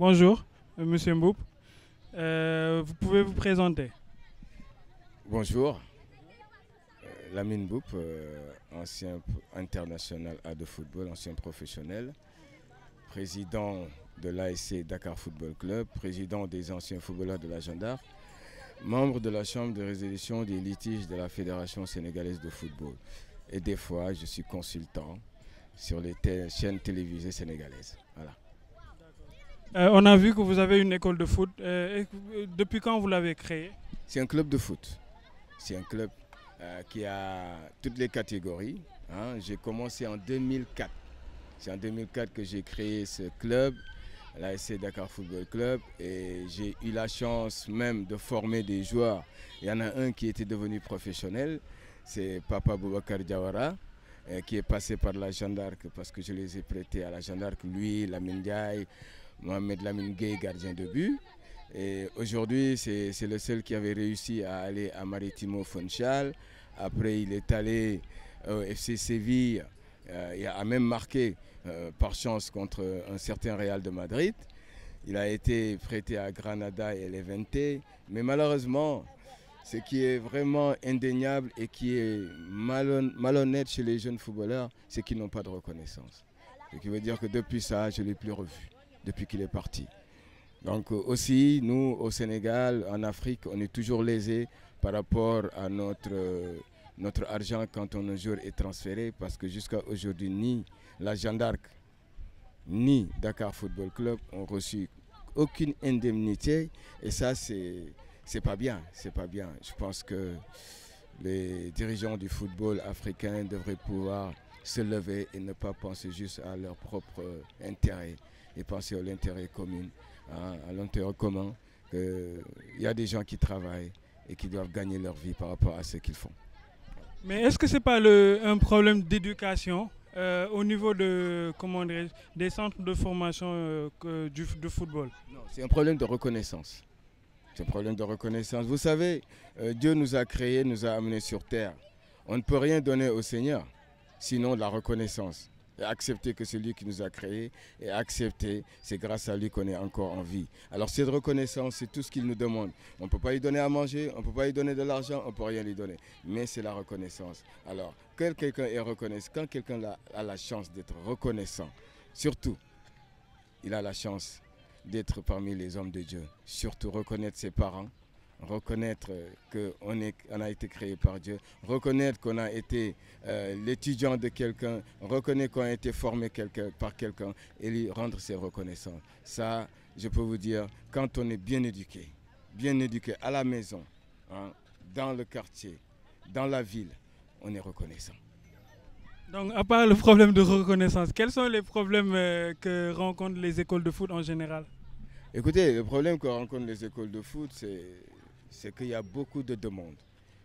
Bonjour, euh, Monsieur Mboup. Euh, vous pouvez vous présenter Bonjour. Euh, Lamine Mboup, ancien international à de football, ancien professionnel, président de l'ASC Dakar Football Club, président des anciens footballeurs de la Gendarme, membre de la Chambre de résolution des litiges de la Fédération sénégalaise de football. Et des fois, je suis consultant sur les chaînes télévisées sénégalaises. Euh, on a vu que vous avez une école de foot. Euh, euh, depuis quand vous l'avez créée C'est un club de foot. C'est un club qui a toutes les catégories. Hein. J'ai commencé en 2004. C'est en 2004 que j'ai créé ce club, l'ASC Dakar Football Club. Et j'ai eu la chance même de former des joueurs. Il y en a un qui était devenu professionnel. C'est Papa Boubacar Diawara qui est passé par la Gendarme, parce que je les ai prêtés à la Gendarme, lui, la Mendiaye, Mohamed Lamine Gueye, gardien de but. Et aujourd'hui, c'est le seul qui avait réussi à aller à Maritimo Funchal. Après, il est allé au euh, FC Séville et euh, a même marqué euh, par chance contre un certain Real de Madrid. Il a été prêté à Granada et Levante. Mais malheureusement, ce qui est vraiment indéniable et qui est malhonnête chez les jeunes footballeurs, c'est qu'ils n'ont pas de reconnaissance. Ce qui veut dire que depuis ça, je ne l'ai plus revu depuis qu'il est parti. Donc euh, aussi, nous, au Sénégal, en Afrique, on est toujours lésés par rapport à notre, euh, notre argent quand on un jour est transféré, parce que jusqu'à aujourd'hui, ni la d'Arc, ni Dakar Football Club ont reçu aucune indemnité, et ça, c'est c'est pas bien, c'est pas bien. Je pense que les dirigeants du football africain devraient pouvoir se lever et ne pas penser juste à leur propre euh, intérêt et penser à l'intérêt commun, hein, à l'intérêt commun. Il y a des gens qui travaillent et qui doivent gagner leur vie par rapport à ce qu'ils font. Mais est-ce que ce n'est pas un problème d'éducation euh, au niveau de, comment des centres de formation euh, de football Non, c'est un problème de reconnaissance. C'est un problème de reconnaissance. Vous savez, euh, Dieu nous a créés, nous a amenés sur terre. On ne peut rien donner au Seigneur, sinon la reconnaissance accepter que c'est lui qui nous a créés et accepter, c'est grâce à lui qu'on est encore en vie. Alors cette reconnaissance, c'est tout ce qu'il nous demande. On ne peut pas lui donner à manger, on ne peut pas lui donner de l'argent, on ne peut rien lui donner. Mais c'est la reconnaissance. Alors, quand quelqu'un est reconnaissant, quand quelqu'un a la chance d'être reconnaissant, surtout, il a la chance d'être parmi les hommes de Dieu. Surtout reconnaître ses parents, reconnaître euh, qu'on on a été créé par Dieu, reconnaître qu'on a été euh, l'étudiant de quelqu'un, reconnaître qu'on a été formé par quelqu'un et lui rendre ses reconnaissances. Ça, je peux vous dire, quand on est bien éduqué, bien éduqué à la maison, hein, dans le quartier, dans la ville, on est reconnaissant. Donc, à part le problème de reconnaissance, quels sont les problèmes euh, que rencontrent les écoles de foot en général Écoutez, le problème que rencontrent les écoles de foot, c'est c'est qu'il y a beaucoup de demandes.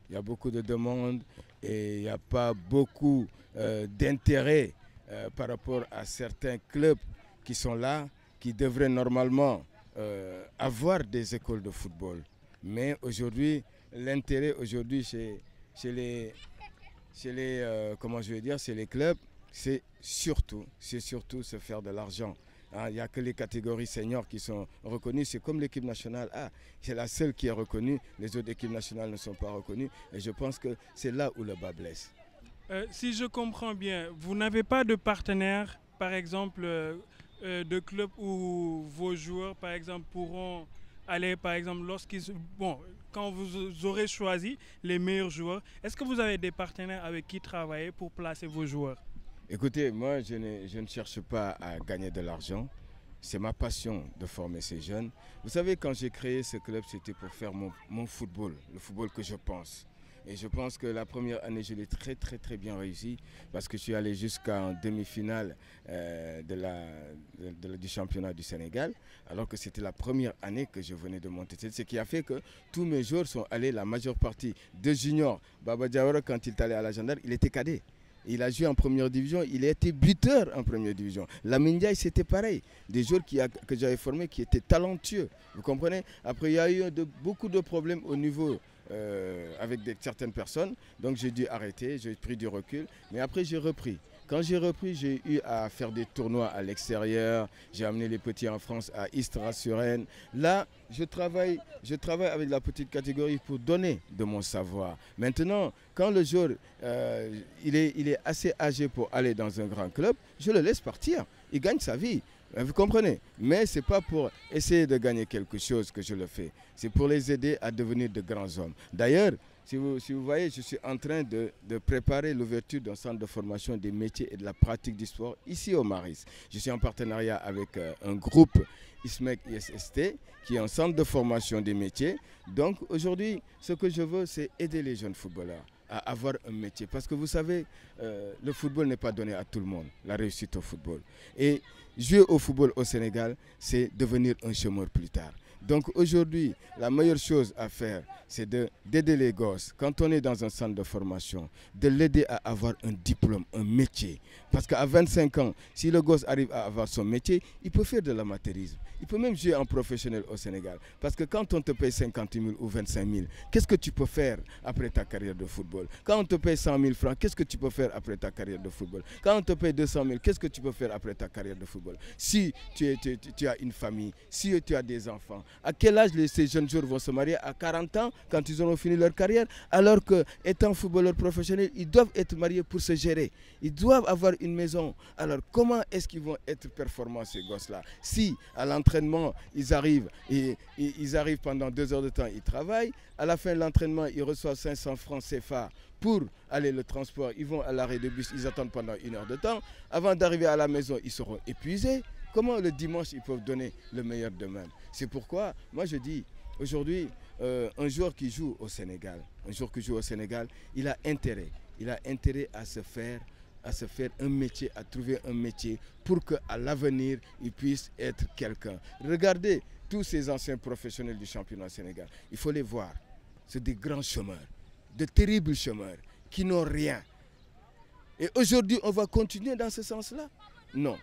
Il y a beaucoup de demandes et il n'y a pas beaucoup euh, d'intérêt euh, par rapport à certains clubs qui sont là, qui devraient normalement euh, avoir des écoles de football. Mais aujourd'hui, l'intérêt aujourd'hui chez, les, comment je dire, les clubs, c'est surtout, c'est surtout se faire de l'argent. Hein, il n'y a que les catégories seniors qui sont reconnues. C'est comme l'équipe nationale A. c'est la seule qui est reconnue. Les autres équipes nationales ne sont pas reconnues. Et je pense que c'est là où le bas blesse. Euh, si je comprends bien, vous n'avez pas de partenaire, par exemple, euh, euh, de club où vos joueurs, par exemple, pourront aller, par exemple, lorsqu'ils... Bon, quand vous aurez choisi les meilleurs joueurs, est-ce que vous avez des partenaires avec qui travailler pour placer vos joueurs Écoutez, moi, je ne, cherche pas à gagner de l'argent. C'est ma passion de former ces jeunes. Vous savez, quand j'ai créé ce club, c'était pour faire mon, football, le football que je pense. Et je pense que la première année, je l'ai très très très bien réussi parce que je suis allé jusqu'en demi-finale euh, du championnat du Sénégal, alors que c'était la première année que je venais de monter. C'est ce qui a fait que tous mes jours sont allés, la majeure partie de juniors. Baba Diawara, quand il est allé à la gendarme, il était cadet il a joué en première division, il a été buteur en première division. La Mindiaï, c'était pareil. Des joueurs que j'avais formés qui étaient talentueux. Vous comprenez Après, il y a eu beaucoup de problèmes au niveau euh, avec certaines personnes. Donc j'ai dû arrêter, j'ai pris du recul. Mais après, j'ai repris. Quand j'ai repris, j'ai eu à faire des tournois à l'extérieur. J'ai amené les petits en France à istra sur Là, je travaille, je travaille avec la petite catégorie pour donner de mon savoir. Maintenant, quand le jour, euh, il, est, il est assez âgé pour aller dans un grand club, je le laisse partir. Il gagne sa vie. Vous comprenez Mais ce n'est pas pour essayer de gagner quelque chose que je le fais. C'est pour les aider à devenir de grands hommes. D'ailleurs, si vous, si vous voyez, je suis en train de, de préparer l'ouverture d'un centre de formation des métiers et de la pratique du sport ici au Maris. Je suis en partenariat avec euh, un groupe ISMEC ISST qui est un centre de formation des métiers. Donc aujourd'hui, ce que je veux, c'est aider les jeunes footballeurs à avoir un métier. Parce que vous savez, euh, le football n'est pas donné à tout le monde, la réussite au football. Et jouer au football au Sénégal, c'est devenir un chômeur plus tard. Donc aujourd'hui, la meilleure chose à faire, c'est d'aider les gosses, quand on est dans un centre de formation, de l'aider à avoir un diplôme, un métier, parce qu'à 25 ans, si le gosse arrive à avoir son métier, il peut faire de l'amateurisme. Il peut même jouer en professionnel au Sénégal. Parce que quand on te paye 50 000 ou 25 000, qu'est-ce que tu peux faire après ta carrière de football Quand on te paye 100 000 francs, qu'est-ce que tu peux faire après ta carrière de football Quand on te paye 200 000, qu'est-ce que tu peux faire après ta carrière de football Si tu, es, tu, as une famille, si tu as des enfants, à quel âge ces jeunes joueurs vont se marier À 40 ans, quand ils auront fini leur carrière Alors que, étant footballeur professionnel, ils doivent être mariés pour se gérer. Ils doivent avoir maison. Alors comment est-ce qu'ils vont être performants ces gosses-là Si à l'entraînement, ils arrivent et, ils arrivent pendant deux heures de temps, ils travaillent. À la fin de l'entraînement, ils reçoivent 500 francs CFA pour aller le transport. Ils vont à l'arrêt de bus, ils attendent pendant une heure de temps. Avant d'arriver à la maison, ils seront épuisés. Comment le dimanche, ils peuvent donner le meilleur demain C'est pourquoi, moi je dis, aujourd'hui, euh, un joueur qui joue au Sénégal, un joueur qui joue au Sénégal, il a intérêt, il a intérêt à se faire à se faire un métier, à trouver un métier pour qu'à l'avenir, ils puissent être quelqu'un. Regardez tous ces anciens professionnels du championnat sénégal. Il faut les voir. C'est des grands chômeurs, de terribles chômeurs qui n'ont rien. Et aujourd'hui, on va continuer dans ce sens-là Non,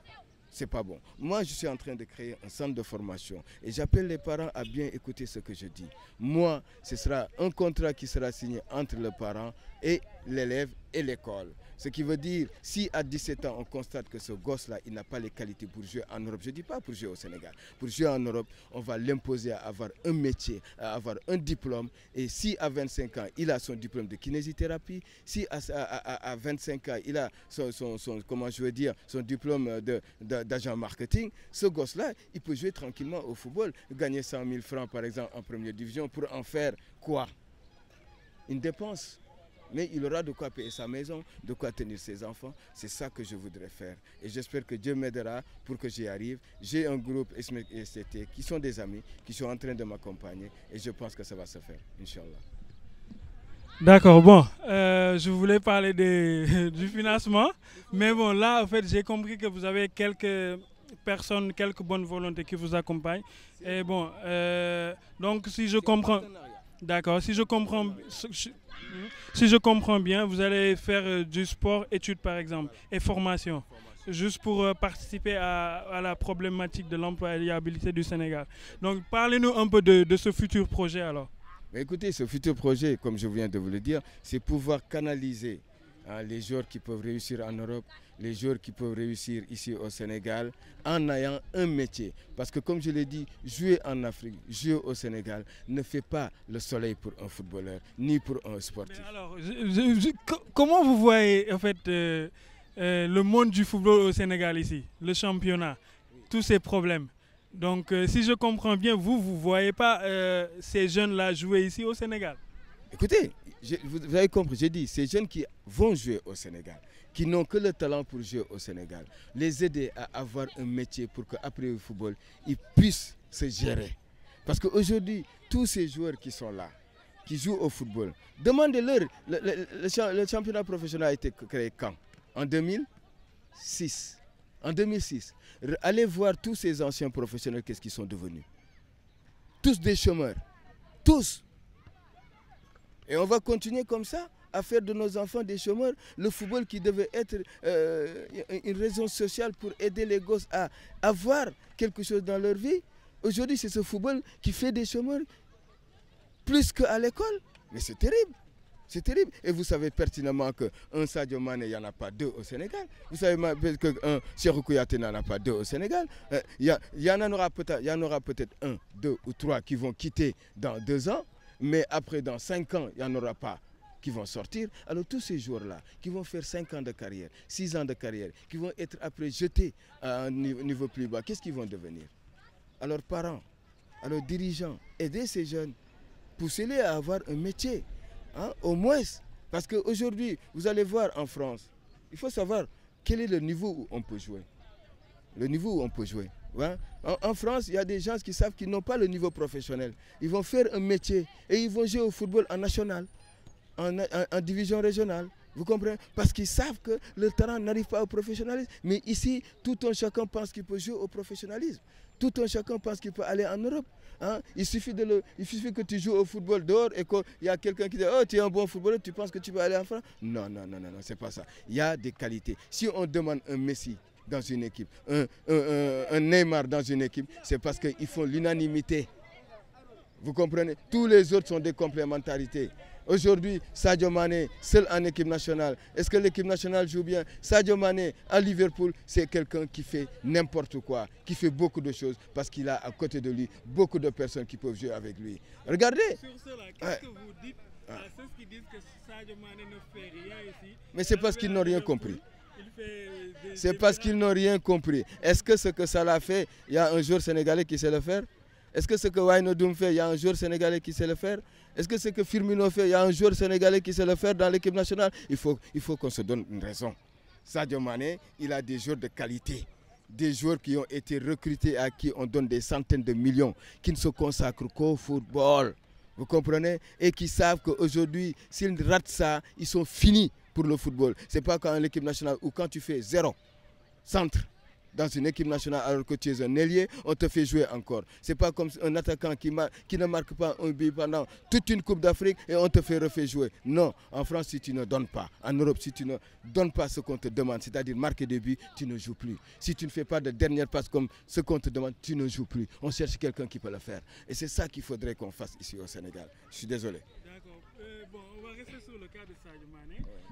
c'est pas bon. Moi, je suis en train de créer un centre de formation et j'appelle les parents à bien écouter ce que je dis. Moi, ce sera un contrat qui sera signé entre le parent et l'élève et l'école. Ce qui veut dire, si à 17 ans, on constate que ce gosse-là, il n'a pas les qualités pour jouer en Europe, je ne dis pas pour jouer au Sénégal, pour jouer en Europe, on va l'imposer à avoir un métier, à avoir un diplôme. Et si à 25 ans, il a son diplôme de kinésithérapie, si à, à, à 25 ans, il a son, son, comment je veux dire, son diplôme d'agent de, marketing, ce gosse-là, il peut jouer tranquillement au football, gagner 100 000 francs, par exemple, en première division, pour en faire quoi Une dépense mais il aura de quoi payer sa maison, de quoi tenir ses enfants. C'est ça que je voudrais faire. Et j'espère que Dieu m'aidera pour que j'y arrive. J'ai un groupe STT qui sont des amis, qui sont en train de m'accompagner et je pense que ça va se faire, Inch'Allah. D'accord, bon, euh, je voulais parler du financement, mais bon, là, en fait, j'ai compris que vous avez quelques personnes, quelques bonnes volontés qui vous accompagnent. Et bon, euh, donc si je comprends, d'accord, si je comprends, Hmm. Si je comprends bien, vous allez faire euh, du sport, études par exemple, et formation, juste pour euh, participer à, la problématique de l'employabilité du Sénégal. Donc parlez-nous un peu de, ce futur projet alors. Écoutez, ce futur projet, comme je viens de vous le dire, c'est pouvoir canaliser Hein, les joueurs qui peuvent réussir en Europe, les joueurs qui peuvent réussir ici au Sénégal, en ayant un métier. Parce que comme je l'ai dit, jouer en Afrique, jouer au Sénégal, ne fait pas le soleil pour un footballeur, ni pour un sportif. alors, comment vous voyez en fait euh, euh, le monde du football au Sénégal ici, le championnat, tous ces problèmes donc, euh, si je comprends bien, vous, vous ne voyez pas ces jeunes-là jouer ici au Sénégal Écoutez, vous, avez compris, j'ai dit, ces jeunes qui vont jouer au Sénégal, qui n'ont que le talent pour jouer au Sénégal, les aider à avoir un métier pour qu'après le football, ils puissent se gérer. Parce qu'aujourd'hui, tous ces joueurs qui sont là, qui jouent au football, demandez-leur, le, championnat professionnel a été créé quand En 2006. En 2006. Allez voir tous ces anciens professionnels, qu'est-ce qu'ils sont devenus. Tous des chômeurs. Tous. Et on va continuer comme ça à faire de nos enfants des chômeurs. Le football qui devait être euh, une raison sociale pour aider les gosses à avoir quelque chose dans leur vie. Aujourd'hui, c'est ce football qui fait des chômeurs plus qu'à l'école. Mais c'est terrible. C'est terrible. Et vous savez pertinemment qu'un Sadio Mane, il n'y en a pas deux au Sénégal. Vous savez qu'un Cheikh Kouyaté n'en a pas deux au Sénégal. Euh, il y, en aura peut-être un, deux ou trois qui vont quitter dans deux ans mais après, dans 5 ans, il n'y en aura pas qui vont sortir. Alors tous ces joueurs-là, qui vont faire 5 ans de carrière, 6 ans de carrière, qui vont être après jetés à un niveau plus bas, qu'est-ce qu'ils vont devenir Alors parents, à dirigeants, aidez ces jeunes, poussez-les à avoir un métier, hein, au moins. Parce qu'aujourd'hui, vous allez voir en France, il faut savoir quel est le niveau où on peut jouer. Le niveau où on peut jouer. Hein. En, France, il y a des gens qui savent qu'ils n'ont pas le niveau professionnel. Ils vont faire un métier et ils vont jouer au football en national, en, division régionale. Vous comprenez Parce qu'ils savent que le talent n'arrive pas au professionnalisme. Mais ici, tout un chacun pense qu'il peut jouer au professionnalisme. Tout un chacun pense qu'il peut aller en Europe. Hein. Il, suffit de le, il suffit que tu joues au football dehors et qu'il y a quelqu'un qui dit Oh, tu es un bon footballeur, tu penses que tu peux aller en France Non, non, non, non, non c'est pas ça. Il y a des qualités. Si on demande un Messi dans une équipe, un, Neymar dans une équipe, c'est parce qu'ils font l'unanimité. Vous comprenez Tous les autres sont des complémentarités. Aujourd'hui, Sadio Mane seul en équipe nationale. Est-ce que l'équipe nationale joue bien Sadio Mane à Liverpool, c'est quelqu'un qui fait n'importe quoi, qui fait beaucoup de choses parce qu'il a à côté de lui beaucoup de personnes qui peuvent jouer avec lui. Regardez. Mais c'est parce qu'ils n'ont rien compris. C'est parce qu'ils n'ont rien compris. Est-ce que ce que Salah fait, il y a un jour Sénégalais qui sait le faire Est-ce que ce que Waynodoum fait, il y a un jour Sénégalais qui sait le faire Est-ce que ce que Firmino fait, il y a un jour Sénégalais qui sait le faire dans l'équipe nationale Il faut, il faut qu'on se donne une raison. Sadio Mané, il a des joueurs de qualité des joueurs qui ont été recrutés à qui on donne des centaines de millions, qui ne se consacrent qu'au football. Vous comprenez Et qui savent qu'aujourd'hui, s'ils ratent ça, ils sont finis pour le football. Ce pas quand l'équipe nationale ou quand tu fais zéro centre dans une équipe nationale alors que tu es un ailier, on te fait jouer encore. C'est pas comme un attaquant qui, qui, ne marque pas un but pendant toute une Coupe d'Afrique et on te fait refaire jouer. Non, en France, si tu ne donnes pas, en Europe, si tu ne donnes pas ce qu'on te demande, c'est-à-dire marquer des buts, tu ne joues plus. Si tu ne fais pas de dernière passe comme ce qu'on te demande, tu ne joues plus. On cherche quelqu'un qui peut le faire. Et c'est ça qu'il faudrait qu'on fasse ici au Sénégal. Je suis désolé. D'accord. Euh, bon, on va rester sur le cas de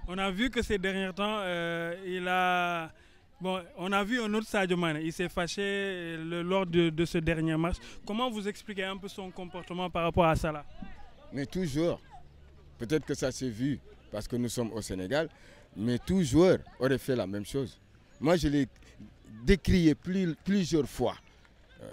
on a vu que ces derniers temps, euh, il a... Bon, on a vu un autre Sadio Mane, il s'est fâché euh, lors de, ce dernier match. Comment vous expliquez un peu son comportement par rapport à ça là Mais toujours, peut-être que ça s'est vu parce que nous sommes au Sénégal, mais toujours, aurait fait la même chose. Moi, je l'ai décrié plusieurs fois. Euh,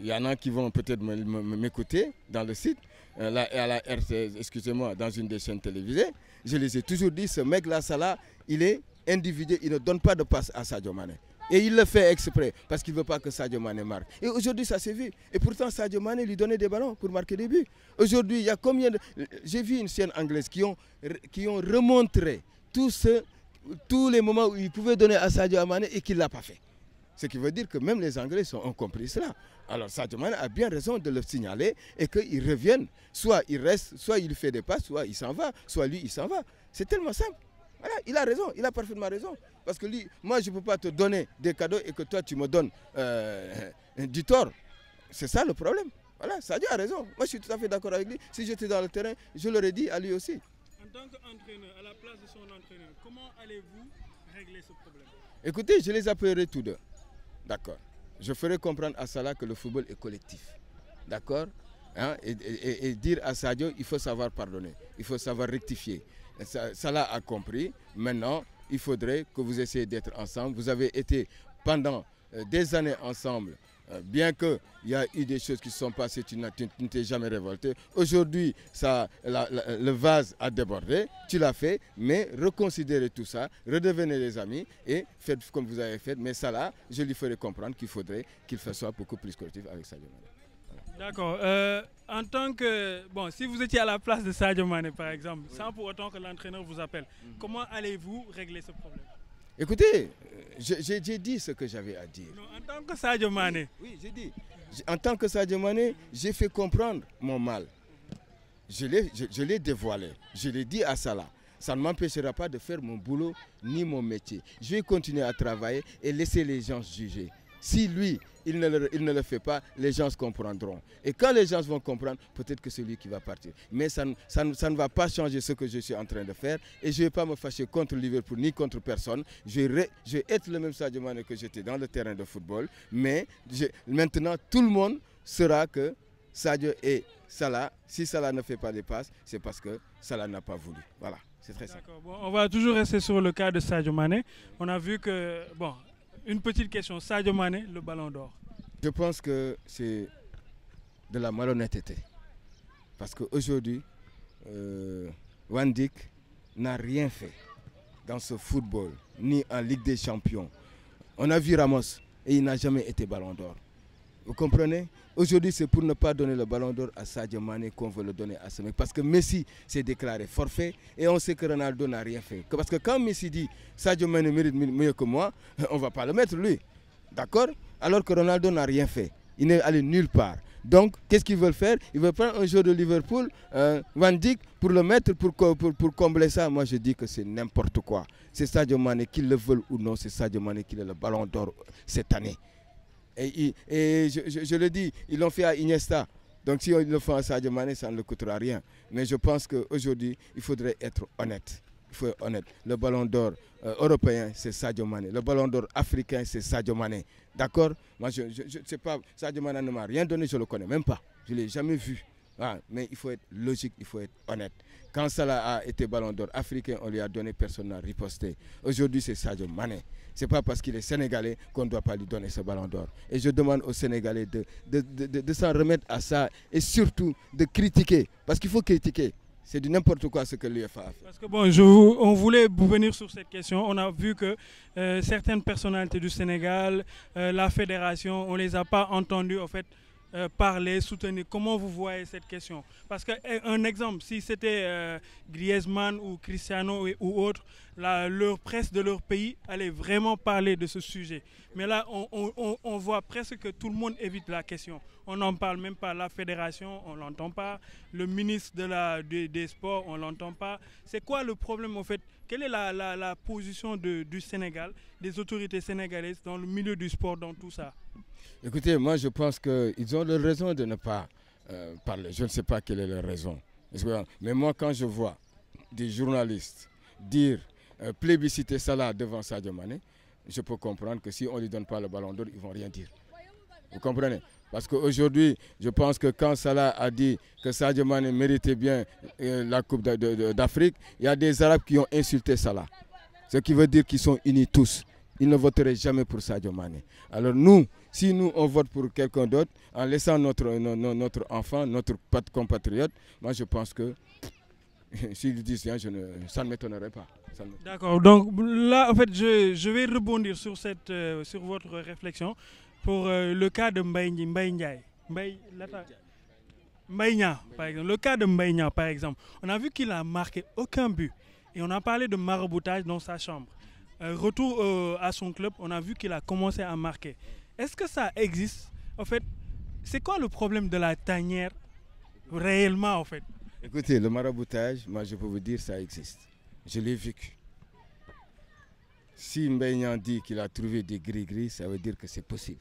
il y en a qui vont peut-être m'écouter dans le site, à la excusez-moi, dans une des chaînes télévisées. Je les ai toujours dit, ce mec-là, là, il est individuel, il ne donne pas de passe à Sadio Mané. Et il le fait exprès, parce qu'il ne veut pas que Sadio Mané marque. Et aujourd'hui, ça s'est vu. Et pourtant, Sadio Mané lui donnait des ballons pour marquer des buts. Aujourd'hui, il y a combien de... J'ai vu une chaîne anglaise qui ont, qui ont remontré tous les moments où il pouvait donner à Sadio Mané et qu'il ne l'a pas fait. Ce qui veut dire que même les Anglais ont compris cela. Alors Sadio a bien raison de le signaler et qu'il revienne. Soit il reste, soit il fait des pas, soit il s'en va, soit lui il s'en va. C'est tellement simple. Voilà, il a raison, il a parfaitement raison. Parce que lui, moi je ne peux pas te donner des cadeaux et que toi tu me donnes euh, du tort. C'est ça le problème. Voilà, Sadio a raison. Moi je suis tout à fait d'accord avec lui. Si j'étais dans le terrain, je l'aurais dit à lui aussi. En tant qu'entraîneur, à la place de son entraîneur, comment allez-vous régler ce problème Écoutez, je les appellerai tous deux. D'accord je ferai comprendre à Salah que le football est collectif. D'accord hein et, dire à Sadio, il faut savoir pardonner, il faut savoir rectifier. Salah a compris. Maintenant, il faudrait que vous essayiez d'être ensemble. Vous avez été pendant euh, des années ensemble euh, bien qu'il y a eu des choses qui sont passées, tu, ne jamais révolté. Aujourd'hui, ça, le vase a débordé, tu l'as fait, mais reconsidérez tout ça, redevenez des amis et faites comme vous avez fait. Mais ça là, je lui ferai comprendre qu'il faudrait qu'il soit beaucoup plus collectif avec Sadio Mane. D'accord. Euh, en tant que. Bon, si vous étiez à la place de Sadio Mane, par exemple, sans pour autant que l'entraîneur vous appelle, mhm. comment allez-vous régler ce problème Écoutez, euh, j'ai dit ce que j'avais à dire. en tant que Sadio Mané. Oui, j'ai dit. En tant que j'ai fait comprendre mon mal. Je l'ai je, dévoilé. Je l'ai dit à Salah. Ça ne m'empêchera pas de faire mon boulot ni mon métier. Je vais continuer à travailler et laisser les gens juger. Si lui, il ne, le, fait pas, les gens se comprendront. Et quand les gens vont comprendre, peut-être que c'est lui qui va partir. Mais ça, ne va pas changer ce que je suis en train de faire. Et je ne vais pas me fâcher contre Liverpool ni contre personne. Je vais, je vais être le même Sadio Mane que j'étais dans le terrain de football. Mais maintenant, tout le monde sera que Sadio et Salah, si Salah ne fait pas des passes, c'est parce que Salah n'a pas voulu. Voilà, c'est très simple. on va toujours rester sur le cas de Sadio Mané. On a vu que, bon, une petite question. Sadio Mané, le ballon d'or. Je pense que c'est de la malhonnêteté. Parce qu'aujourd'hui, euh, n'a rien fait dans ce football, ni en Ligue des Champions. On a vu Ramos et il n'a jamais été ballon d'or. Vous comprenez Aujourd'hui, c'est pour ne pas donner le ballon d'or à Sadio Mane qu'on veut le donner à ce mec. Parce que Messi s'est déclaré forfait et on sait que Ronaldo n'a rien fait. Parce que quand Messi dit Sadio Mane mérite mieux que moi, on ne va pas le mettre lui. D'accord Alors que Ronaldo n'a rien fait. Il n'est allé nulle part. Donc, qu'est-ce qu'ils veulent faire Ils veulent prendre un joueur de Liverpool, euh, Van Dijk, pour le mettre, pour, pour, combler ça. Moi, je dis que c'est n'importe quoi. C'est Sadio Mane, qu'ils le veulent ou non, c'est Sadio Mane qui a le ballon d'or cette année. Et, je, le dis, ils l'ont fait à Iniesta. Donc si on le fait à Sadio Mane, ça ne le coûtera rien. Mais je pense qu'aujourd'hui, il faudrait être honnête. Il faut être honnête. Le ballon d'or euh, européen, c'est Sadio Mane. Le ballon d'or africain, c'est Sadio Mane. D'accord Moi, je ne sais pas. Sadio Mane ne m'a rien donné, je ne le connais même pas. Je ne l'ai jamais vu. Ah, mais il faut être logique, il faut être honnête. Quand Salah a été ballon d'or africain, on lui a donné personne à riposter. Aujourd'hui, c'est Sadio Mane ce n'est pas parce qu'il est sénégalais qu'on ne doit pas lui donner ce ballon d'or. Et je demande aux Sénégalais de, de, s'en remettre à ça et surtout de critiquer. Parce qu'il faut critiquer. C'est du n'importe quoi ce que l'UFA a fait. Parce que bon, vous, on voulait venir sur cette question. On a vu que euh, certaines personnalités du Sénégal, euh, la fédération, on ne les a pas entendues en fait euh, parler, soutenir Comment vous voyez cette question Parce qu'un eh, exemple, si c'était euh, Griezmann ou Cristiano ou autre, la, leur presse de leur pays allait vraiment parler de ce sujet. Mais là, on, voit presque que tout le monde évite la question. On n'en parle même pas. La fédération, on l'entend pas. Le ministre de la, des Sports, on l'entend pas. C'est quoi le problème en fait Quelle est la, la, position du Sénégal, des autorités sénégalaises dans le milieu du sport, dans tout ça Écoutez, moi je pense qu'ils ont leur raison de ne pas euh, parler. Je ne sais pas quelle est leur raison. Mais moi quand je vois des journalistes dire euh, plébisciter Salah devant Sadio Mané, je peux comprendre que si on ne lui donne pas le ballon d'or, ils ne vont rien dire. Vous comprenez Parce qu'aujourd'hui, je pense que quand Salah a dit que Sadio Mané méritait bien euh, la Coupe d'Afrique, il y a des Arabes qui ont insulté Salah. Ce qui veut dire qu'ils sont unis tous. Ils ne voteraient jamais pour Sadio Mané. Alors nous, si nous, on vote pour quelqu'un d'autre, en laissant notre, notre enfant, notre compatriote, moi je pense que s'ils disent rien, hein, ça ne m'étonnerait pas. D'accord. Donc là, en fait, je, vais rebondir sur, cette, euh, sur votre réflexion pour euh, le cas de Mbaye par exemple. Le cas de Mbaye par exemple. On a vu qu'il n'a marqué aucun but. Et on a parlé de maraboutage dans sa chambre. Euh, retour à son club, on a vu qu'il a commencé à marquer. Est-ce que ça existe En fait, c'est quoi le problème de la tanière réellement en fait Écoutez, le maraboutage, moi je peux vous dire, ça existe. Je l'ai vécu. Si Mbeignan dit qu'il a trouvé des gris-gris, ça veut dire que c'est possible.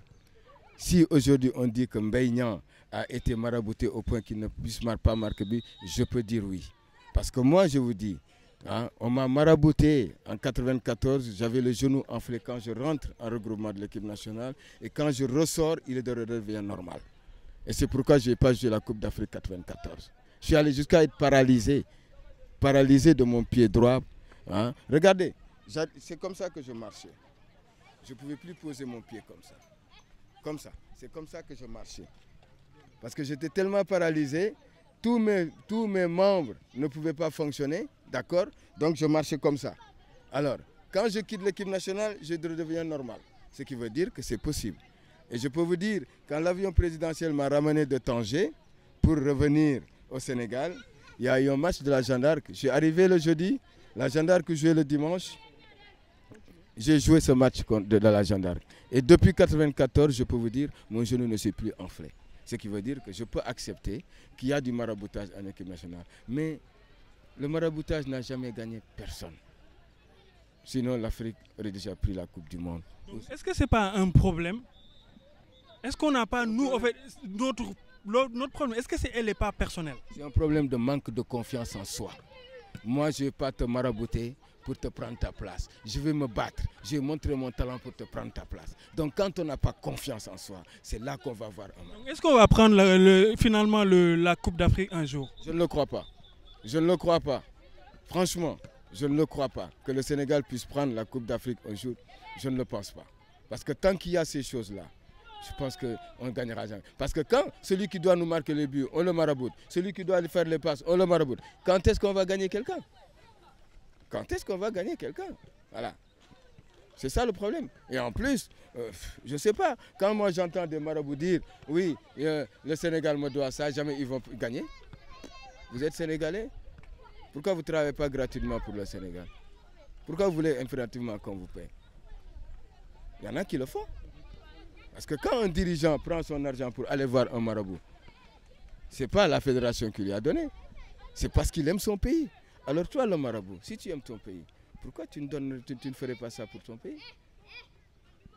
Si aujourd'hui on dit que Mbeignan a été marabouté au point qu'il ne puisse pas marquer, je peux dire oui. Parce que moi je vous dis, Hein, on m'a marabouté en 94, j'avais le genou enflé quand je rentre en regroupement de l'équipe nationale et quand je ressors, il est de redevenir normal. Et c'est pourquoi je n'ai pas joué la Coupe d'Afrique 94. Je suis allé jusqu'à être paralysé, paralysé de mon pied droit. Hein. Regardez, c'est comme ça que je marchais. Je ne pouvais plus poser mon pied comme ça. Comme ça. C'est comme ça que je marchais. Parce que j'étais tellement paralysé tous mes, tous mes membres ne pouvaient pas fonctionner, d'accord Donc je marchais comme ça. Alors, quand je quitte l'équipe nationale, je redeviens normal. Ce qui veut dire que c'est possible. Et je peux vous dire, quand l'avion présidentiel m'a ramené de Tanger pour revenir au Sénégal, il y a eu un match de la gendarme. J'ai arrivé le jeudi, la gendarme jouait le dimanche. J'ai joué ce match de la gendarme. Et depuis 1994, je peux vous dire, mon genou ne s'est plus enflé. Ce qui veut dire que je peux accepter qu'il y a du maraboutage en équipe nationale. Mais le maraboutage n'a jamais gagné personne. Sinon, l'Afrique aurait déjà pris la Coupe du Monde. Est-ce que ce n'est pas un problème Est-ce qu'on n'a pas, nous, en notre, problème, est-ce que c'est elle n'est pas personnelle C'est un problème de manque de confiance en soi. Moi, je ne vais pas te marabouter, pour te prendre ta place. Je vais me battre. Je vais montrer mon talent pour te prendre ta place. Donc quand on n'a pas confiance en soi, c'est là qu'on va voir un Est-ce qu'on va prendre finalement la Coupe d'Afrique un jour Je ne le crois pas. Je ne le crois pas. Franchement, je ne le crois pas. Que le Sénégal puisse prendre la Coupe d'Afrique un jour, je ne le pense pas. Parce que tant qu'il y a ces choses-là, je pense qu'on ne gagnera jamais. Parce que quand celui qui doit nous marquer les buts, on le maraboute. Celui qui doit faire les passes, on le maraboute. Quand est-ce qu'on va gagner quelqu'un quand est-ce qu'on va gagner quelqu'un Voilà. C'est ça le problème. Et en plus, euh, je ne sais pas, quand moi j'entends des marabouts dire oui, euh, le Sénégal me doit ça, jamais ils vont gagner. Vous êtes Sénégalais Pourquoi vous ne travaillez pas gratuitement pour le Sénégal Pourquoi vous voulez impérativement qu'on vous paye Il y en a qui le font. Parce que quand un dirigeant prend son argent pour aller voir un marabout, ce n'est pas la fédération qui lui a donné. C'est parce qu'il aime son pays. Alors toi, le marabout, si tu aimes ton pays, pourquoi tu ne, donnes, tu, ferais pas ça pour ton pays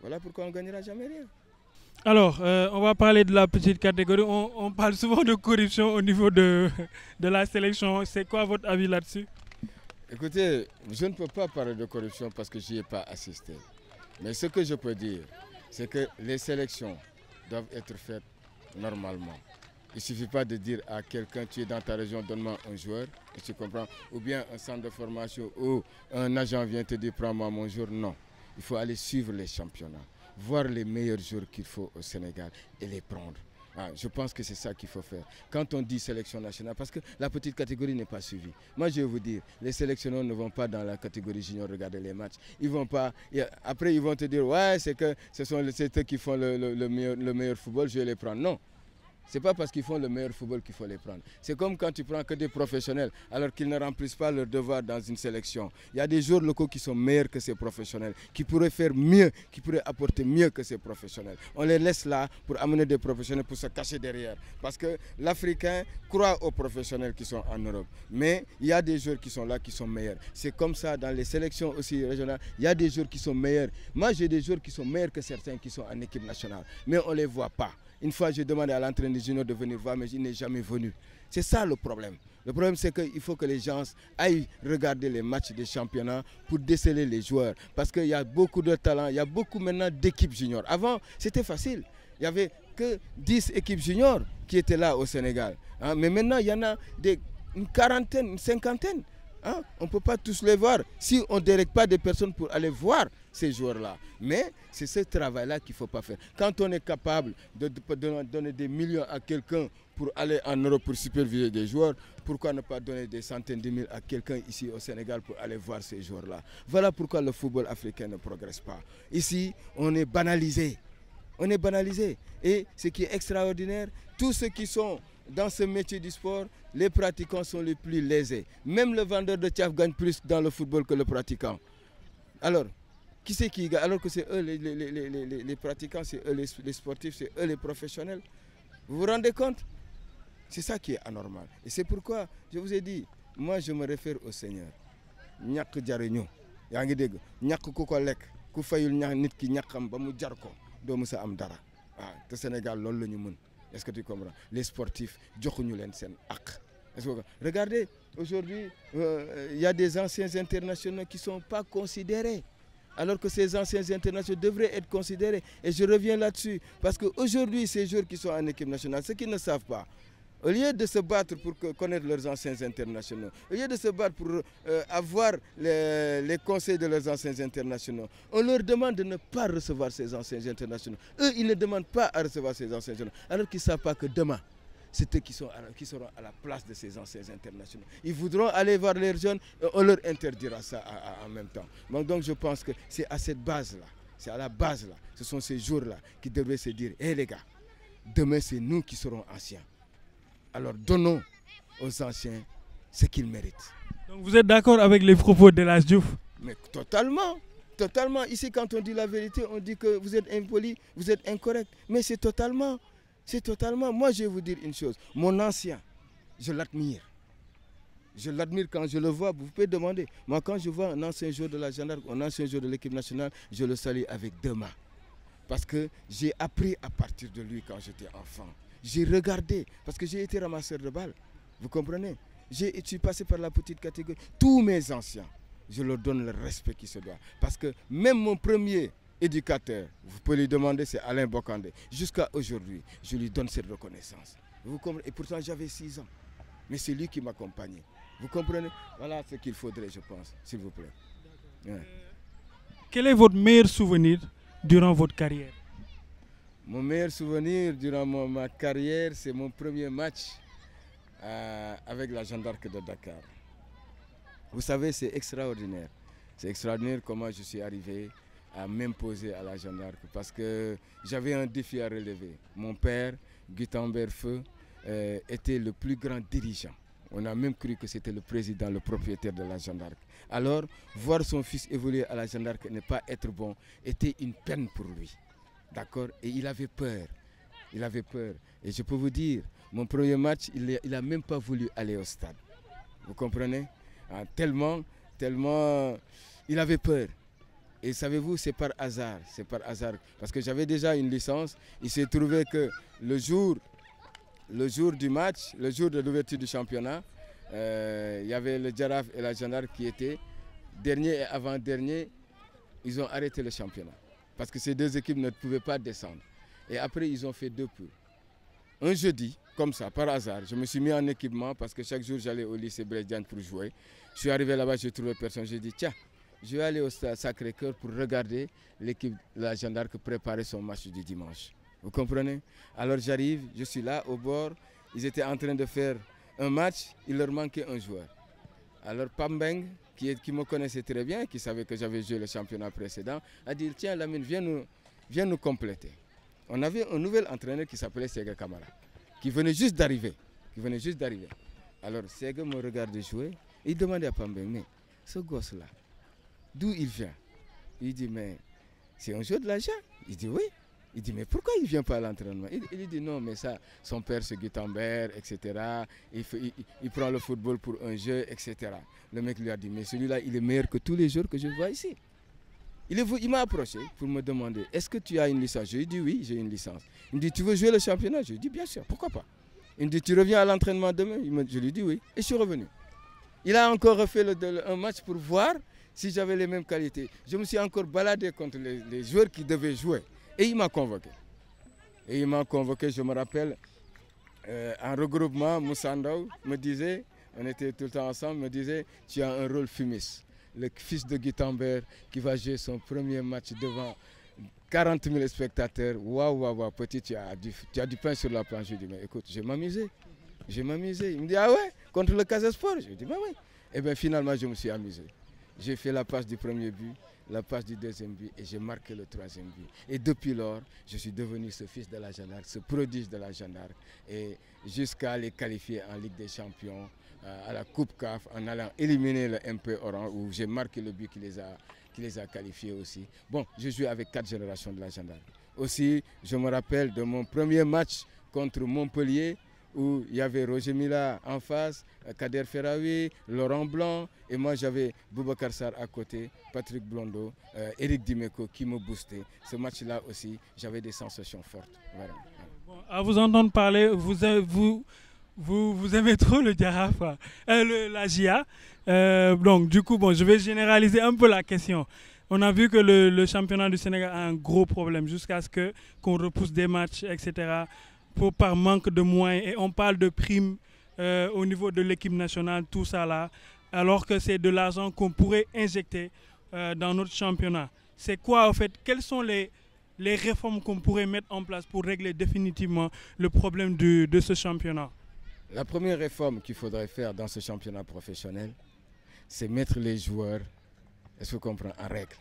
Voilà pourquoi on ne gagnera jamais rien. Alors, euh, on va parler de la petite catégorie. On, parle souvent de corruption au niveau de, de la sélection. C'est quoi votre avis là-dessus Écoutez, je ne peux pas parler de corruption parce que je n'y ai pas assisté. Mais ce que je peux dire, c'est que les sélections doivent être faites normalement. Il ne suffit pas de dire à quelqu'un, tu es dans ta région, donne-moi un joueur, tu comprends. Ou bien un centre de formation où un agent vient te dire, prends-moi mon joueur. Non, il faut aller suivre les championnats, voir les meilleurs joueurs qu'il faut au Sénégal et les prendre. Ah, je pense que c'est ça qu'il faut faire. Quand on dit sélection nationale, parce que la petite catégorie n'est pas suivie. Moi, je vais vous dire, les sélectionneurs ne vont pas dans la catégorie junior regarder les matchs. Ils vont pas. Après, ils vont te dire, ouais, c'est que ce sont les, eux qui font le meilleur football, je vais les prendre. Non. C'est pas parce qu'ils font le meilleur football qu'il faut les prendre. C'est comme quand tu prends que des professionnels alors qu'ils ne remplissent pas leur devoir dans une sélection. Il y a des joueurs locaux qui sont meilleurs que ces professionnels, qui pourraient faire mieux, qui pourraient apporter mieux que ces professionnels. On les laisse là pour amener des professionnels pour se cacher derrière. Parce que l'Africain croit aux professionnels qui sont en Europe. Mais il y a des joueurs qui sont là qui sont meilleurs. C'est comme ça dans les sélections aussi régionales. Il y a des joueurs qui sont meilleurs. Moi, j'ai des joueurs qui sont meilleurs que certains qui sont en équipe nationale. Mais on ne les voit pas. Une fois, j'ai demandé à l'entraîneur junior de venir voir, mais il n'est jamais venu. C'est ça le problème. Le problème, c'est qu'il faut que les gens aillent regarder les matchs des championnats pour déceler les joueurs. Parce qu'il y a beaucoup de talents, il y a beaucoup maintenant d'équipes juniors. Avant, c'était facile. Il n'y avait que 10 équipes juniors qui étaient là au Sénégal. Hein. Mais maintenant, il y en a une quarantaine, une cinquantaine. Hein. On ne peut pas tous les voir. Si on ne dirige pas des personnes pour aller voir ces joueurs-là. Mais c'est ce travail-là qu'il ne faut pas faire. Quand on est capable de, donner des millions à quelqu'un pour aller en Europe pour superviser des joueurs, pourquoi ne pas donner des centaines de milliers à quelqu'un ici au Sénégal pour aller voir ces joueurs-là Voilà pourquoi le football africain ne progresse pas. Ici, on est banalisé. On est banalisé. Et ce qui est extraordinaire, tous ceux qui sont dans ce métier du sport, les pratiquants sont les plus lésés. Même le vendeur de tchaf gagne plus dans le football que le pratiquant. Alors, qui c'est qui Alors que c'est eux les, les, les, les pratiquants, c'est eux les, sportifs, c'est eux les professionnels. Vous vous rendez compte C'est ça qui est anormal. Et c'est pourquoi je vous ai dit, moi je me réfère au Seigneur. ñàkk jariñu yaa ngi dégg ñàkk ku ku fayul ñax nit ki ba mu jar ko Sénégal est-ce que tu comprends les sportifs joxuñu leen seen aq est-ce que regardez aujourd'hui il euh, euh, y a des anciens internationaux qui sont pas considérés alors que ces anciens internationaux devraient être considérés. Et je reviens là-dessus, parce qu'aujourd'hui, ces joueurs qui sont en équipe nationale, ce qui ne savent pas, au lieu de se battre pour connaître leurs anciens internationaux, au lieu de se battre pour euh, avoir les, les, conseils de leurs anciens internationaux, on leur demande de ne pas recevoir ces anciens internationaux. Eux, ils ne demandent pas à recevoir ces anciens internationaux, alors qu'ils ne savent pas que demain, c'est eux qui, sont qui seront à la place de ces anciens internationaux. Ils voudront aller voir leurs jeunes, on leur interdira ça en même temps. Donc, donc je pense que c'est à cette base-là, c'est à la base-là, ce sont ces jours-là qui devraient se dire, hé les gars, demain c'est nous qui serons anciens. Alors donnons aux anciens ce qu'ils méritent. Donc vous êtes d'accord avec les propos de la Mais totalement, totalement. Ici quand on dit la vérité, on dit que vous êtes impoli, vous êtes incorrect. Mais c'est totalement... C'est totalement. Moi, je vais vous dire une chose. Mon ancien, je l'admire. Je l'admire quand je le vois. Vous pouvez demander. Moi, quand je vois un ancien joueur de la gendarme, un ancien joueur de l'équipe nationale, je le salue avec deux mains. Parce que j'ai appris à partir de lui quand j'étais enfant. J'ai regardé. Parce que j'ai été ramasseur de balles. Vous comprenez Je suis passé par la petite catégorie. Tous mes anciens, je leur donne le respect qui se doit. Parce que même mon premier éducateur, vous pouvez lui demander, c'est Alain Bokandé. Jusqu'à aujourd'hui, je lui donne cette reconnaissance. Vous comprenez Et pourtant, j'avais 6 ans. Mais c'est lui qui m'accompagnait. Vous comprenez Voilà ce qu'il faudrait, je pense, s'il vous plaît. quel est votre meilleur souvenir durant votre carrière Mon meilleur souvenir durant ma carrière, c'est mon premier match euh, avec la gendarme de Dakar. Vous savez, c'est extraordinaire. C'est extraordinaire comment je suis arrivé, à m'imposer à la Jeanne parce que j'avais un défi à relever. Mon père, Gutenberg Feu, euh, était le plus grand dirigeant. On a même cru que c'était le président, le propriétaire de la Jeanne Alors, voir son fils évoluer à la Jeanne et ne pas être bon était une peine pour lui. D'accord Et il avait peur. Il avait peur. Et je peux vous dire, mon premier match, il n'a même pas voulu aller au stade. Vous comprenez ah, Tellement, tellement, il avait peur. Et savez-vous, c'est par hasard, c'est par hasard. Parce que j'avais déjà une licence. Il s'est trouvé que le jour, le jour du match, le jour de l'ouverture du championnat, euh, il y avait le Djaraf et la Gendarme qui étaient dernier et avant-dernier. Ils ont arrêté le championnat. Parce que ces deux équipes ne pouvaient pas descendre. Et après, ils ont fait deux poules. Un jeudi, comme ça, par hasard, je me suis mis en équipement parce que chaque jour, j'allais au lycée Bredian pour jouer. Je suis arrivé là-bas, je j'ai trouvé personne. J'ai dit, tiens, je vais aller au Sacré-Cœur pour regarder l'équipe de la gendarme préparer son match du dimanche. Vous comprenez Alors j'arrive, je suis là au bord. Ils étaient en train de faire un match, il leur manquait un joueur. Alors Pambeng, qui, qui me connaissait très bien, qui savait que j'avais joué le championnat précédent, a dit Tiens, Lamine, viens nous, viens nous compléter. On avait un nouvel entraîneur qui s'appelait Sega Kamara, qui venait juste d'arriver. Qui venait juste d'arriver. Alors Sega me regarde jouer. Il demandait à Pambeng Mais ce gosse-là, d'où il vient. Il dit, mais c'est un jeu de l'argent. Il dit, oui. Il dit, mais pourquoi il ne vient pas à l'entraînement il, dit, non, mais ça, son père se Gutenberg etc. Il, il, prend le football pour un jeu, etc. Le mec lui a dit, mais celui-là, il est meilleur que tous les jours que je vois ici. Il, m'a approché pour me demander, est-ce que tu as une licence Je lui ai dit, oui, j'ai une licence. Il me dit, tu veux jouer le championnat Je lui ai dit, bien sûr, pourquoi pas Il me dit, tu reviens à l'entraînement demain Je lui ai dit, oui. Et je suis revenu. Il a encore refait un match pour voir si j'avais les mêmes qualités. Je me suis encore baladé contre les, joueurs qui devaient jouer. Et il m'a convoqué. Et il m'a convoqué, je me rappelle, un euh, en regroupement, Moussandou me disait, on était tout le temps ensemble, me disait, tu as un rôle fumiste. Le fils de Tambert qui va jouer son premier match devant 40 000 spectateurs. Waouh, waouh, petit, tu as, du, pain sur la planche. Je lui dis, mais écoute, je m'amuser. Je m'amuser. Il me dit, ah ouais, contre le Casasport. Je lui dis, bah oui. Et eh bien finalement, je me suis amusé. J'ai fait la passe du premier but, la passe du deuxième but et j'ai marqué le troisième but. Et depuis lors, je suis devenu ce fils de la Jeanne d'Arc, ce prodige de la Jeanne d'Arc. Et jusqu'à les qualifier en Ligue des Champions, euh, à la Coupe CAF, en allant éliminer le MP Oran où j'ai marqué le but qui les a qui les a qualifiés aussi. Bon, je joue avec quatre générations de la d'Arc. Aussi, je me rappelle de mon premier match contre Montpellier où il y avait Roger Mila en face, Kader Ferraoui, Laurent Blanc, et moi j'avais Boubacar Sar à côté, Patrick Blondeau, Eric euh, Dimeco qui me boostait. Ce match-là aussi, j'avais des sensations fortes. à vous entendre parler, vous, euh, vous, vous, vous aimez trop le girafe, hein. euh, la GIA. donc du coup, bon, je vais généraliser un peu la question. On a vu que le, championnat du Sénégal a un gros problème jusqu'à ce qu'on repousse des matchs, etc par manque de moyens. Et on parle de primes euh, au niveau de l'équipe nationale, tout ça là, alors que c'est de l'argent qu'on pourrait injecter euh, dans notre championnat. C'est quoi en fait Quelles sont les, les réformes qu'on pourrait mettre en place pour régler définitivement le problème de ce championnat La première réforme qu'il faudrait faire dans ce championnat professionnel, c'est mettre les joueurs, est-ce que vous comprenez, en règle.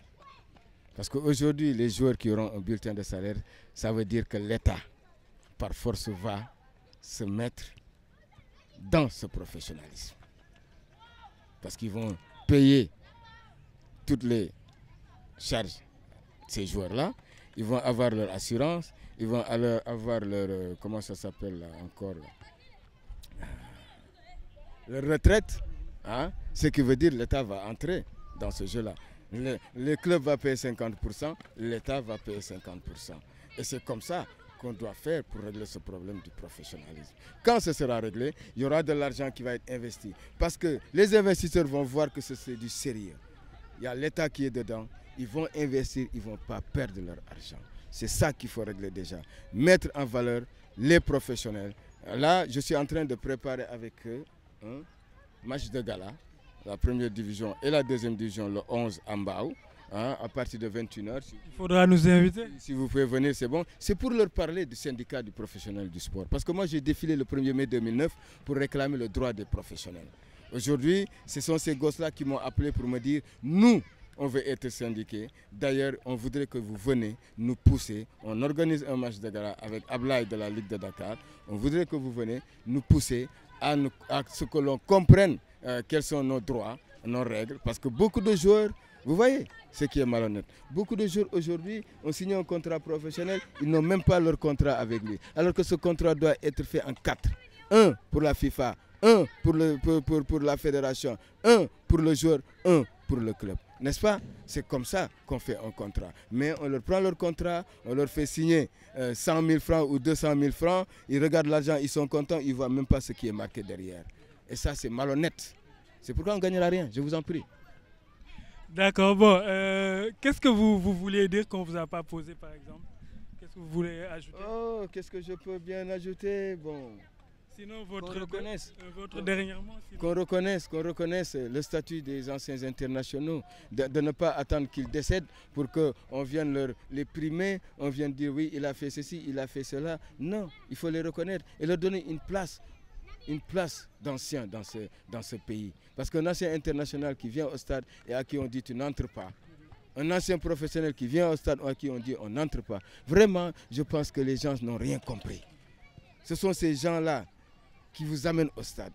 Parce qu'aujourd'hui, les joueurs qui auront un bulletin de salaire, ça veut dire que l'État par force va se mettre dans ce professionnalisme. Parce qu'ils vont payer toutes les charges ces joueurs-là. Ils vont avoir leur assurance, ils vont avoir leur, euh, comment ça s'appelle encore, euh, leur retraite. Hein. Ce qui veut dire l'État va entrer dans ce jeu-là. le club va payer 50%, l'État va payer 50%. Et c'est comme ça qu'on doit faire pour régler ce problème du professionnalisme. Quand ce sera réglé, il y aura de l'argent qui va être investi. Parce que les investisseurs vont voir que c'est du sérieux. Il y a l'État qui est dedans. Ils vont investir, ils ne vont pas perdre leur argent. C'est ça qu'il faut régler déjà. Mettre en valeur les professionnels. Là, je suis en train de préparer avec eux un match de gala, la première division et la deuxième division, le 11 à bas. Hein, à partir de 21h. Il faudra nous inviter. Si, vous pouvez venir, c'est bon. C'est pour leur parler du syndicat du professionnel du sport. Parce que moi, j'ai défilé le 1er mai 2009 pour réclamer le droit des professionnels. Aujourd'hui, ce sont ces gosses-là qui m'ont appelé pour me dire, nous, on veut être syndiqué. D'ailleurs, on voudrait que vous venez nous pousser. On organise un match de gala avec Ablaï de la Ligue de Dakar. On voudrait que vous venez nous pousser à, ce que l'on comprenne euh, quels sont nos droits, nos règles. Parce que beaucoup de joueurs vous voyez ce qui est malhonnête. Beaucoup de joueurs aujourd'hui ont signé un contrat professionnel, ils n'ont même pas leur contrat avec lui. Alors que ce contrat doit être fait en quatre. Un pour la FIFA, un pour, le, pour, la fédération, un pour le joueur, un pour le club. N'est-ce pas C'est comme ça qu'on fait un contrat. Mais on leur prend leur contrat, on leur fait signer 100 euh, 000 francs ou 200 000 francs, ils regardent l'argent, ils sont contents, ils ne voient même pas ce qui est marqué derrière. Et ça, c'est malhonnête. C'est pourquoi on ne gagnera rien, je vous en prie. D'accord, bon. Euh, qu'est-ce que vous, vous, voulez dire qu'on ne vous a pas posé, par exemple Qu'est-ce que vous voulez ajouter Oh, qu'est-ce que je peux bien ajouter Bon. Sinon, votre, qu'on reconnaisse, euh, Qu'on reconnaisse, qu'on reconnaisse le statut des anciens internationaux, de, ne pas attendre qu'ils décèdent pour qu'on vienne leur, les primer, on vienne dire oui, il a fait ceci, il a fait cela. Non, il faut les reconnaître et leur donner une place une place d'ancien dans ce, dans ce pays. Parce qu'un ancien international qui vient au stade et à qui on dit tu n'entres pas, un ancien professionnel qui vient au stade et à qui on dit on n'entre pas, vraiment, je pense que les gens n'ont rien compris. Ce sont ces gens-là qui vous amènent au stade,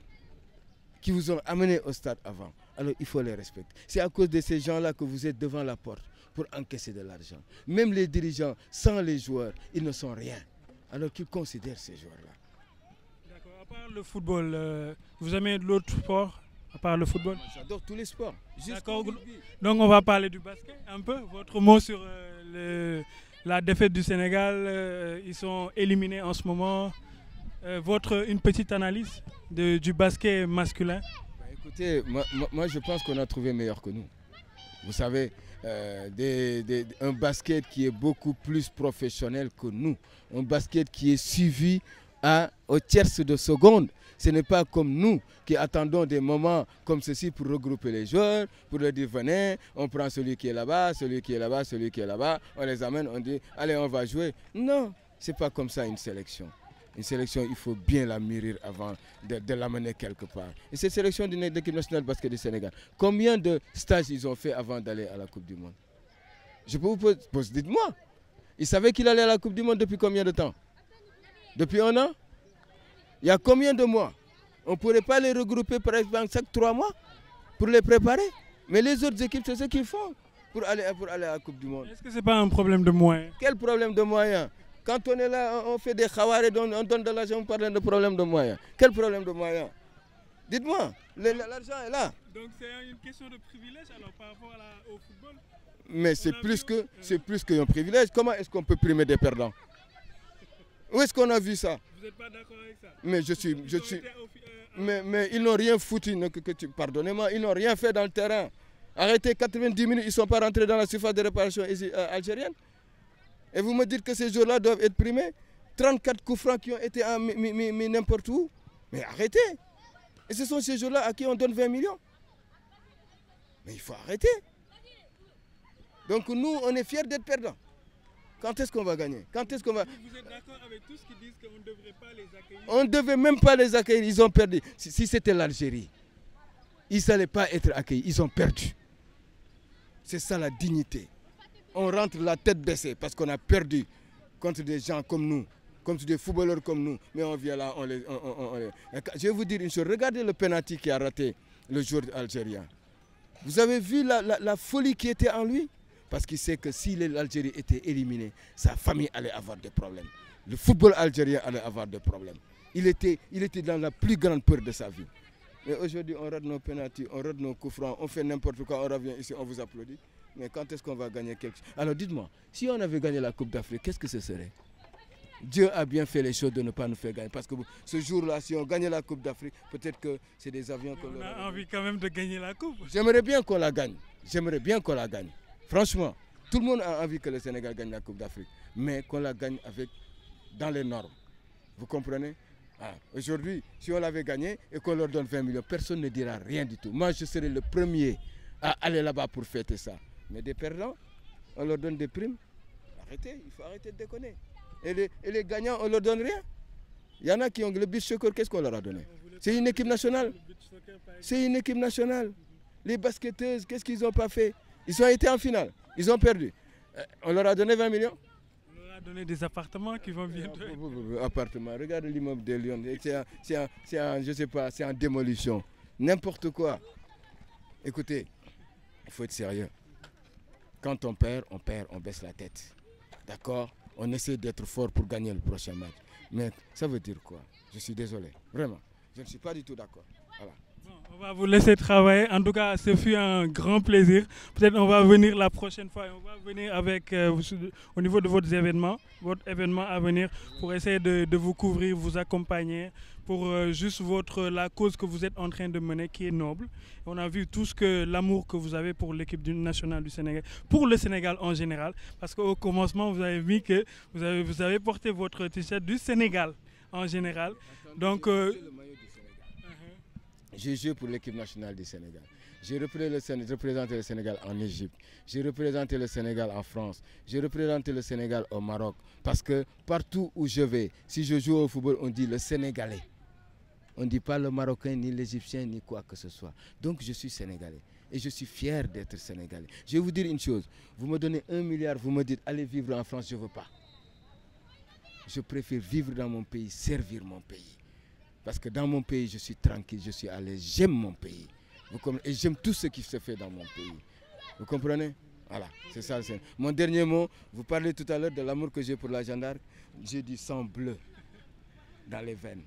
qui vous ont amené au stade avant. Alors il faut les respecter. C'est à cause de ces gens-là que vous êtes devant la porte pour encaisser de l'argent. Même les dirigeants, sans les joueurs, ils ne sont rien. Alors qu'ils considèrent ces joueurs-là le football, euh, vous aimez l'autre sport à part le football J'adore tous les sports. Donc on va parler du basket un peu. Votre mot sur euh, la défaite du Sénégal. Euh, ils sont éliminés en ce moment. votre une petite analyse du basket masculin bah, Écoutez, moi, je pense qu'on a trouvé meilleur que nous. Vous savez, un basket qui est beaucoup plus professionnel que nous, un basket qui est suivi au tiers de seconde. Ce n'est pas comme nous qui attendons des moments comme ceci pour regrouper les joueurs, pour leur dire venez, on prend celui qui est là-bas, celui qui est là-bas, celui qui est là-bas, on les amène, on dit allez, on va jouer. Non, ce n'est pas comme ça une sélection. Une sélection, il faut bien la mûrir avant de, l'amener quelque part. Et cette sélection du National basket du Sénégal, combien de stages ils ont fait avant d'aller à la Coupe du Monde Je peux vous poser, dites-moi. Ils savaient qu'il allait à la Coupe du Monde depuis combien de temps depuis un an Il y a combien de mois On ne pourrait pas les regrouper par exemple chaque trois mois pour les préparer. Mais les autres équipes, c'est ce qu'ils font pour aller, pour aller à la Coupe du Monde. Est-ce que ce n'est pas un problème de moyens Quel problème de moyens Quand on est là, on fait des khawarés, on donne de l'argent, on parle de problème de moyens. Quel problème de moyens Dites-moi, l'argent est là. Donc c'est une question de privilège alors par rapport au football Mais c'est plus qu'un euh. privilège. Comment est-ce qu'on peut primer des perdants où est-ce qu'on a vu ça Vous n'êtes pas d'accord avec ça Mais je suis... je suis... Euh, euh, mais, ils n'ont rien foutu, pardonnez-moi, ils n'ont rien fait dans le terrain. Arrêtez 90 minutes, ils ne sont pas rentrés dans la surface de réparation euh, algérienne. Et vous me dites que ces jours-là doivent être primés 34 coups francs qui ont été n'importe où. Mais arrêtez Et ce sont ces jours-là à qui on donne 20 millions. Mais il faut arrêter. Donc nous, on est fiers d'être perdants. Quand est-ce qu'on va gagner Quand est-ce qu'on va... Vous êtes d'accord avec tous qui disent qu'on ne devrait pas les accueillir On ne devait même pas les accueillir, ils ont perdu. Si, c'était l'Algérie, ils n'allaient pas être accueillis, ils ont perdu. C'est ça la dignité. On rentre la tête baissée parce qu'on a perdu contre des gens comme nous, contre des footballeurs comme nous. Mais on vient là, on les... Je vais vous dire une chose, regardez le penalty qui a raté le jour algérien. Vous avez vu la folie qui était en lui parce qu'il sait que si l'Algérie était éliminée, sa famille allait avoir des problèmes. Le football algérien allait avoir des problèmes. Il était, il était dans la plus grande peur de sa vie. Mais aujourd'hui, on rate nos pénalties, on rate nos coups francs, on fait n'importe quoi, on revient ici, on vous applaudit. Mais quand est-ce qu'on va gagner quelque chose Alors dites-moi, si on avait gagné la Coupe d'Afrique, qu'est-ce que ce serait Dieu a bien fait les choses de ne pas nous faire gagner. Parce que ce jour-là, si on gagnait la Coupe d'Afrique, peut-être que c'est des avions qu'on... On a envie quand même de gagner la Coupe. J'aimerais bien qu'on la gagne. J'aimerais bien qu'on la gagne. Franchement, tout le monde a envie que le Sénégal gagne la Coupe d'Afrique, mais qu'on la gagne avec, dans les normes. Vous comprenez ah, Aujourd'hui, si on l'avait gagné et qu'on leur donne 20 millions, personne ne dira rien du tout. Moi, je serai le premier à aller là-bas pour fêter ça. Mais des perdants, on leur donne des primes. Arrêtez, il faut arrêter de déconner. Et les, gagnants, on leur donne rien. Il y en a qui ont le but soccer, qu'est-ce qu'on leur a donné C'est une équipe nationale. C'est une équipe nationale. Les basketteuses, qu'est-ce qu'ils n'ont pas fait ils ont été en finale. Ils ont perdu. Euh, on leur a donné 20 millions On leur a donné des appartements qui vont bientôt. Euh, appartements. Regarde l'immeuble de Lyon. C'est un, je sais pas, c'est en démolition. N'importe quoi. Écoutez, il faut être sérieux. Quand on perd, on perd, on baisse la tête. D'accord On essaie d'être fort pour gagner le prochain match. Mais ça veut dire quoi Je suis désolé. Vraiment. Je ne suis pas du tout d'accord. Voilà. On va vous laisser travailler. En tout cas, ce fut un grand plaisir. Peut-être on va venir la prochaine fois. On va venir avec, euh, au niveau de votre événement, votre événement à venir, pour essayer de, vous couvrir, vous accompagner, pour euh, juste votre, la cause que vous êtes en train de mener, qui est noble. On a vu tout ce que l'amour que vous avez pour l'équipe nationale du Sénégal, pour le Sénégal en général, parce qu'au commencement, vous avez vu que vous avez, porté votre t-shirt du Sénégal en général. Donc, euh, j'ai joué pour l'équipe nationale du Sénégal. J'ai représenté le Sénégal en Égypte. J'ai représenté le Sénégal en France. J'ai représenté le Sénégal au Maroc. Parce que partout où je vais, si je joue au football, on dit le Sénégalais. On ne dit pas le Marocain, ni l'Égyptien, ni quoi que ce soit. Donc je suis Sénégalais. Et je suis fier d'être Sénégalais. Je vais vous dire une chose. Vous me donnez un milliard, vous me dites allez vivre en France, je ne veux pas. Je préfère vivre dans mon pays, servir mon pays. Parce que dans mon pays, je suis tranquille, je suis à l'aise, j'aime mon pays. Et j'aime tout ce qui se fait dans mon pays. Vous comprenez Voilà, c'est ça. Mon dernier mot, vous parlez tout à l'heure de l'amour que j'ai pour la gendarme. J'ai du sang bleu dans les veines.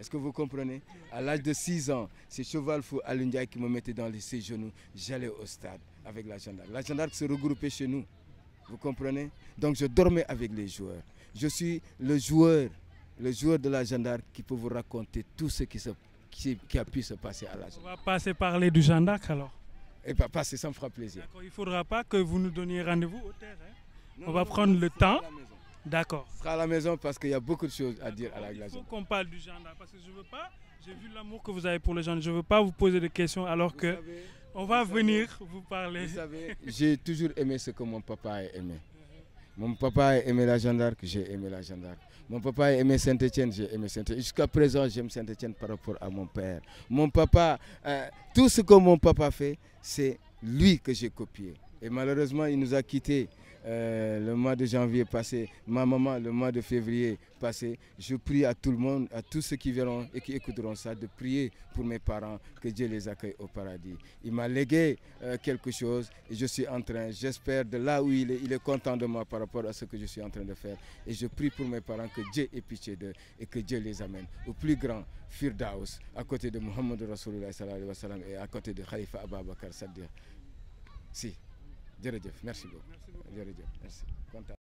Est-ce que vous comprenez À l'âge de 6 ans, c'est Cheval Fou Alundia qui me mettait dans les, ses genoux. J'allais au stade avec la gendarme. La gendarme se regroupait chez nous. Vous comprenez Donc je dormais avec les joueurs. Je suis le joueur le joueur de la gendarme qui peut vous raconter tout ce qui, se, a pu se passer à la gendarme. On va passer parler du gendarme alors. Et eh pas ben, passer, ça me fera plaisir. Il ne faudra pas que vous nous donniez rendez-vous au terrain. Hein. On va prendre le temps. D'accord. On sera à la maison parce qu'il y a beaucoup de choses à dire à la Il faut qu'on parle du gendarme parce que je veux pas, j'ai vu l'amour que vous avez pour le gendarme, je ne veux pas vous poser de questions alors que on va venir vous parler. Vous savez, j'ai toujours aimé ce que mon papa a aimé. Mon papa a aimé la gendarme, j'ai aimé la gendarme. Mon papa aimait Saint-Etienne, J'aimais aimé Saint-Etienne. Jusqu'à présent, j'aime Saint-Etienne par rapport à mon père. Mon papa, euh, tout ce que mon papa fait, c'est lui que j'ai copié. Et malheureusement, il nous a quittés. Euh, le mois de janvier passé, ma maman le mois de février passé, je prie à tout le monde, à tous ceux qui verront et qui écouteront ça, de prier pour mes parents, que Dieu les accueille au paradis. Il m'a légué euh, quelque chose et je suis en train, j'espère, de là où il est, il est content de moi par rapport à ce que je suis en train de faire. Et je prie pour mes parents que Dieu ait pitié d'eux et que Dieu les amène au plus grand Firdaus, à côté de Mohamed Rasulullah et à côté de Khalifa Ababakar Si. jërëjëf merci beaucoup jërëjëf merci